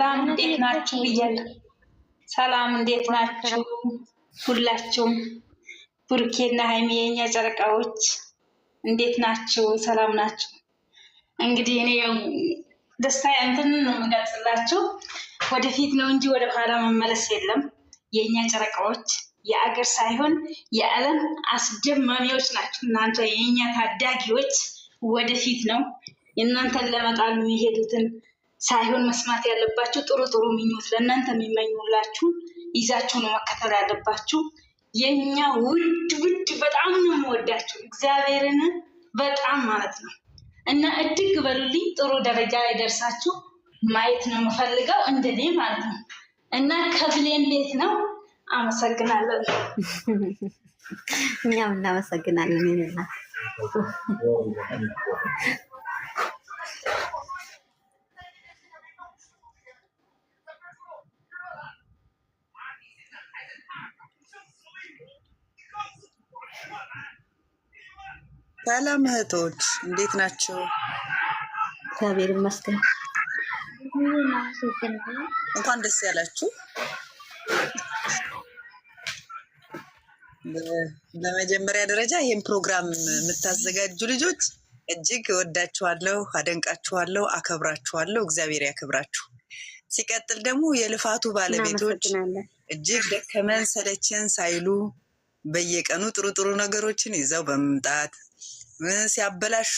ሰላም እንዴት ናችሁ ብያለሁ። ሰላም እንዴት ናችሁ ሁላችሁም? ቡርኬና ሀይሚ የኛ ጨረቃዎች እንዴት ናችሁ? ሰላም ናችሁ? እንግዲህ እኔ ደስታ እንትን ነው የምገልጽላችሁ። ወደፊት ነው እንጂ ወደ ኋላ መመለስ የለም። የእኛ ጨረቃዎች የአገር ሳይሆን የዓለም አስደማሚዎች ናችሁ እናንተ የእኛ ታዳጊዎች። ወደፊት ነው እናንተን ለመጣሉ የሚሄዱትን ሳይሆን መስማት ያለባችሁ ጥሩ ጥሩ ምኞት ለእናንተ የሚመኙላችሁ ይዛችሁ ነው መከተል ያለባችሁ። የእኛ ውድ ውድ በጣም ነው የምወዳችሁ እግዚአብሔርን በጣም ማለት ነው። እና እድግ በሉልኝ ጥሩ ደረጃ ላይ ደርሳችሁ ማየት ነው የምፈልገው እንደኔ ማለት ነው። እና ከብሌን ቤት ነው። አመሰግናለን። እኛም እናመሰግናለን። ሰላም እህቶች እንዴት ናቸው? እግዚአብሔር ይመስገን። እንኳን ደስ ያላችሁ። በመጀመሪያ ደረጃ ይህን ፕሮግራም የምታዘጋጁ ልጆች እጅግ ወዳችኋለሁ፣ አደንቃችኋለሁ፣ አከብራችኋለሁ። እግዚአብሔር ያክብራችሁ። ሲቀጥል ደግሞ የልፋቱ ባለቤቶች እጅግ ደከመን ሰለችን ሳይሉ በየቀኑ ጥሩ ጥሩ ነገሮችን ይዘው በመምጣት ሲያበላሹ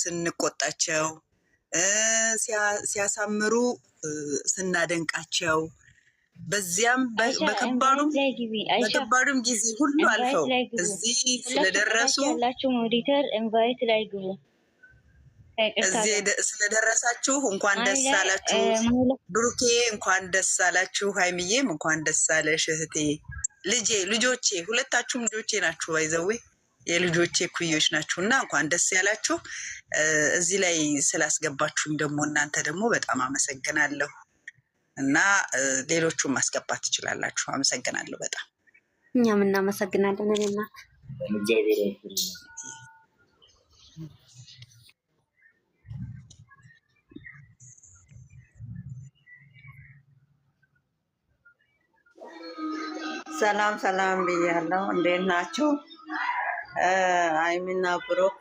ስንቆጣቸው፣ ሲያሳምሩ ስናደንቃቸው በዚያም በከባዱም ጊዜ ሁሉ አልፈው እዚህ ስለደረሱ ሞዲተር ኢንቫይት ላይ ግቡ። እዚህ ስለደረሳችሁ እንኳን ደስ አላችሁ። ብሩኬ እንኳን ደስ አላችሁ። ሀይምዬም፣ እንኳን ደስ አለሽ እህቴ፣ ልጄ፣ ልጆቼ ሁለታችሁም ልጆቼ ናችሁ። ባይዘዌ የልጆቼ ኩዮች ናችሁ እና እንኳን ደስ ያላችሁ። እዚህ ላይ ስላስገባችሁኝ ደግሞ እናንተ ደግሞ በጣም አመሰግናለሁ እና ሌሎቹን ማስገባት ትችላላችሁ። አመሰግናለሁ በጣም እኛም እናመሰግናለን። እኔና ሰላም ሰላም ብያለሁ። እንዴት ናቸው? ሀይሚና ብሩክ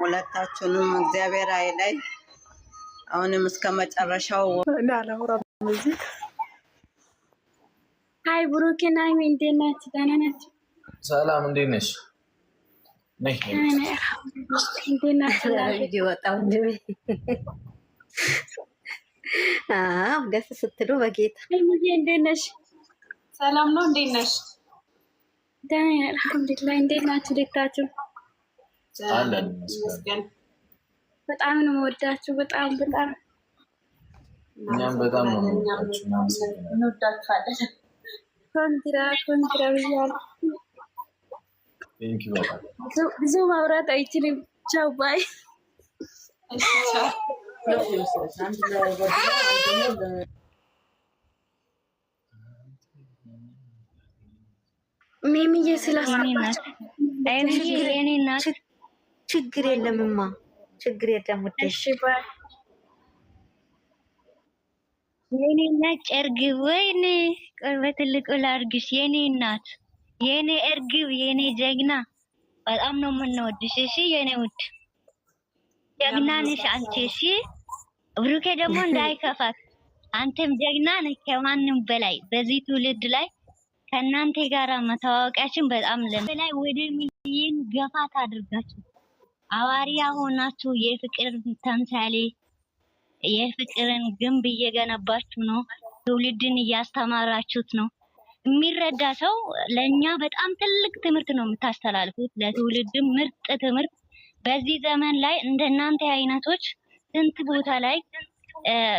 ሁለታችሁንም እግዚአብሔር አይ ላይ አሁንም እስከ መጨረሻው ሀይ ብሩክና አይሚ እንዴት ናችሁ? ደህና ናችሁ? ሰላም እንዴት ነሽ? ደስ ስትሉ በጌታ እንዴት ነሽ? ሰላም ነው። እንዴት ነሽ? ደህና አልሐምዱሊላህ። እንዴት ናችሁ? እንዴት ናችሁ? በጣም ነው የምወዳችሁ። በጣም በጣም እኛም በጣም ነው የምወዳችሁ። ኮንትራ ኮንትራ ብያለሁ። ብዙ ማውራት አይችልም። ቻው ባይ ሜምዬ ስላስገባቸው ችግር የለምማ፣ ችግር የለም ውዴ። የኔ እናት ጨርግብ፣ ወይኔ በትልቁ ላርግሽ የኔ እናት፣ የኔ እርግብ፣ የኔ ጀግና፣ በጣም ነው የምንወድሽ። እሺ የኔ ውድ ጀግና ነሽ አንቺ። እሺ ብሩኬ ደግሞ እንዳይከፋት፣ አንተም ጀግና ነህ ከማንም በላይ በዚህ ትውልድ ላይ ከእናንተ ጋር መታወቂያችን በጣም ለላይ ወደ ሚሊዮን ገፋ ታድርጋችሁ አዋሪያ ሆናችሁ የፍቅር ተምሳሌ የፍቅርን ግንብ እየገነባችሁ ነው። ትውልድን እያስተማራችሁት ነው። የሚረዳ ሰው ለእኛ በጣም ትልቅ ትምህርት ነው የምታስተላልፉት፣ ለትውልድም ምርጥ ትምህርት። በዚህ ዘመን ላይ እንደናንተ አይነቶች ስንት ቦታ ላይ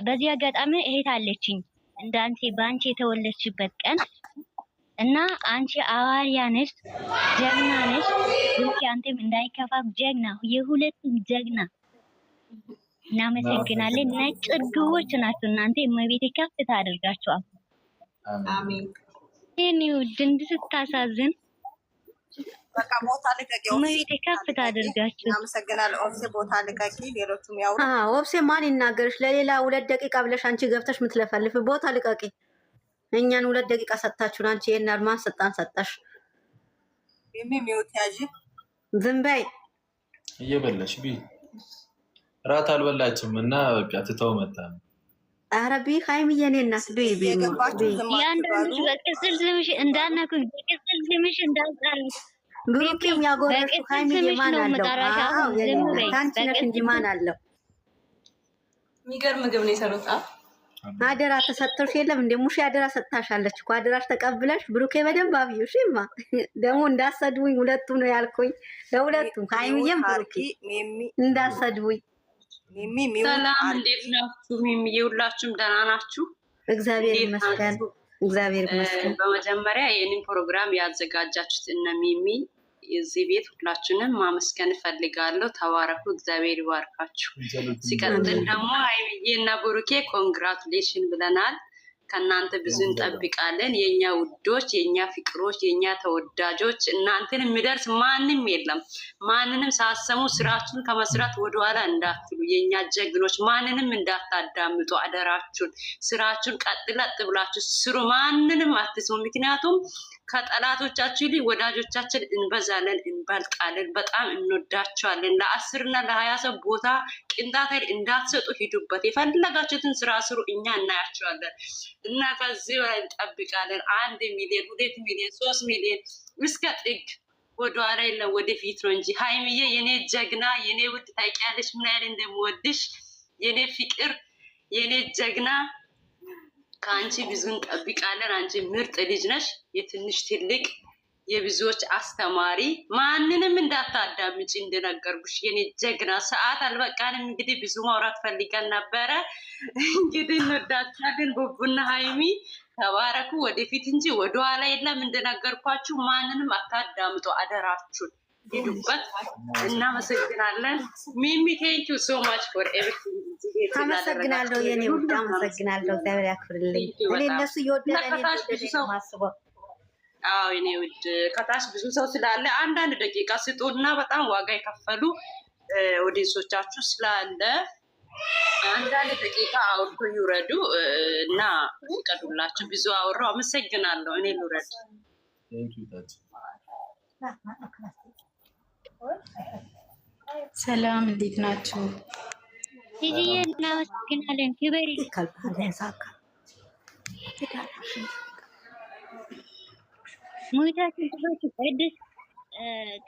በዚህ አጋጣሚ እህት አለችኝ እንዳንቺ በአንቺ የተወለድሽበት ቀን እና አንቺ አዋርያ ነሽ፣ ጀግና ነሽ። ውጭ አንተም እንዳይከፋ ጀግና፣ የሁለቱም ጀግና። እናመሰግናለን። ነጭ እርግቦች ናችሁ እናንተ። እመቤቴ ከፍ ታደርጋችኋል። አሜን። የኔ ውድ እንዲህ ስታሳዝን፣ በቃ ቦታ ልቀቂ። እመቤቴ ከፍ ታደርጋችሁ። እናመሰግናለን። ኦፍሴ ቦታ ልቀቂ። ሌሎቹም ያው ኦፍሴ ማን ይናገርሽ? ለሌላ ሁለት ደቂቃ ብለሽ አንቺ ገብተሽ ምትለፈልፍ ቦታ ልቀቂ። እኛን ሁለት ደቂቃ ሰጥታችሁን፣ አንቺ ይሄን አልማን ስልጣን ሰጠሽ። ዝም በይ እየበለሽ ቢ ራት አልበላችም እና በቃ ትተው መጣ። ኧረ ቢ የኔ እናት ቢ እንዳልጣል ብሩኬም ያጎረሱ ሀይሚ ማን አለው? ታንቺ ነሽ እንጂ ማን አለው? የሚገርም ምግብ ነው የሰሩት። አደራ ተሰጥቶሽ የለም እንደ ሙሽ አደራ ሰጥታሻለች እኮ አደራሽ ተቀብለሽ ብሩኬ በደንብ አብዩ። ሽማ ደግሞ እንዳሰድቡኝ ሁለቱ ነው ያልኩኝ፣ ለሁለቱም ከአይምዬም ብሩኬ እንዳሰድቡኝ። ሰላም እንዴት ናችሁ? ሚሚዬ ሁላችሁም ደህና ናችሁ? እግዚአብሔር ይመስገን፣ እግዚአብሔር ይመስገን። በመጀመሪያ ይህንን ፕሮግራም ያዘጋጃችሁት እነ ሚሚ የዚህ ቤት ሁላችንም ማመስገን እፈልጋለሁ። ተባረኩ፣ እግዚአብሔር ይባርካችሁ። ሲቀጥል ደግሞ አይብዬ እና ብሩኬ ኮንግራቱሌሽን ብለናል። ከእናንተ ብዙ እንጠብቃለን። የእኛ ውዶች፣ የእኛ ፍቅሮች፣ የእኛ ተወዳጆች እናንተን የሚደርስ ማንም የለም። ማንንም ሳሰሙ ስራችሁን ከመስራት ወደኋላ እንዳትሉ፣ የእኛ ጀግኖች፣ ማንንም እንዳታዳምጡ አደራችሁን። ስራችሁን ቀጥለጥ ለጥ ብላችሁ ስሩ። ማንንም አትስሙ። ምክንያቱም ከጠላቶቻችን ወዳጆቻችን እንበዛለን፣ እንበልጣለን። በጣም እንወዳቸዋለን። ለአስርና ለሀያ ሰው ቦታ ቅንጣት እንዳትሰጡ፣ ሂዱበት። የፈለጋችሁትን ስራ ስሩ፣ እኛ እናያቸዋለን እና ከዚህ በላይ እንጠብቃለን። አንድ ሚሊዮን፣ ሁለት ሚሊዮን፣ ሶስት ሚሊዮን እስከ ጥግ ወደኋላ የለም ወደፊት ነው እንጂ። ሀይሚዬ የኔ ጀግና፣ የኔ ውድ ታውቂያለሽ ምን ያህል እንደምወድሽ የኔ ፍቅር፣ የኔ ጀግና ከአንቺ ብዙ እንጠብቃለን። አንቺ ምርጥ ልጅ ነሽ፣ የትንሽ ትልቅ የብዙዎች አስተማሪ። ማንንም እንዳታዳምጪ እንደነገርኩሽ የኔ ጀግና። ሰዓት አልበቃንም። እንግዲህ ብዙ ማውራት ፈልገን ነበረ። እንግዲህ እንወዳቻለን ቡቡና ሀይሚ ተባረኩ፣ ወደፊት እንጂ ወደኋላ የለም። እንደነገርኳችሁ ማንንም አታዳምጡ አደራችሁን። ሂዱበት። እናመሰግናለን። ሚሚ ዩ ሶ ማች ፎር ኤቭሪቲንግ አመሰግናለሁ። የኔ ውድ አመሰግናለሁ። እግዚአብሔር ያክብርልኝ። እኔ እነሱ የኔ ውድ ከታች ብዙ ሰው ስላለ አንዳንድ ደቂቃ በጣም ዋጋ የከፈሉ ኦዲየንሶቻችሁ ስላለ አንዳንድ ደቂቃ አውርዶ ይውረዱ እና ቀዱላችሁ። ብዙ አውረው አመሰግናለሁ። እኔ ልውረድ። ሰላም እንዴት ናችሁ? ይህዬ እናመሰግናለን። ክበሪ ሙይታችን ጥፋች ቅድስ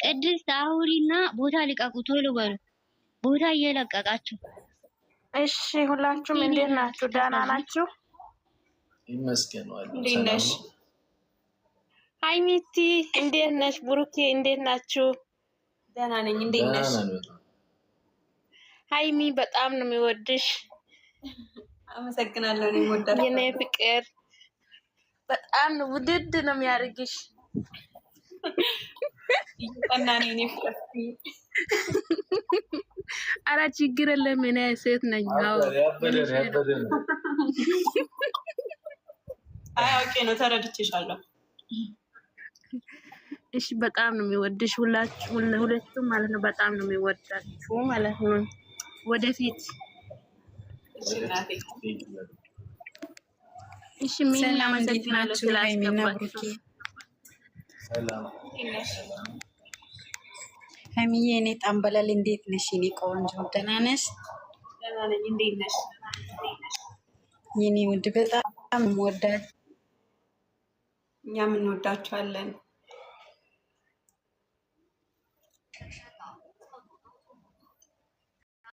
ቅድስ አሁሪና ቦታ ልቀቁ፣ ቶሎ በሉ ቦታ እየለቀቃችሁ። እሺ ሁላችሁም እንዴት ናችሁ? ደህና ናችሁ? ይመስገናል። እንዴት ነሽ? ሀይሚቲ እንዴት ነሽ? ብሩኬ እንዴት ናችሁ? ደህና ነኝ። እንዴት ነሽ? ሀይሚ በጣም ነው የሚወድሽ። አመሰግናለሁ። እኔ ወዳለሁ። የኔ ፍቅር በጣም ውድድ ነው የሚያደርግሽ። ይጠና ነኝ እኔ ፍቅር። ኧረ ችግር የለም። እኔ ሴት ነኝ። አዎ አይ አውቄ ነው ተረድቼሻለሁ። እሺ በጣም ነው የሚወድሽ ሁላችሁ ሁለቱም ማለት ነው። በጣም ነው የሚወዳችሁ ማለት ነው። ወደፊት እሺ ምን እናመሰግናለን ስላስገባችሁ ሀይሚዬ። እኔ ጣምበላል እንዴት ነሽ? እኔ ቆንጆ ደህና ነሽ? የኔ ውድ በጣም ወዳጅ እኛም እንወዳችኋለን። section.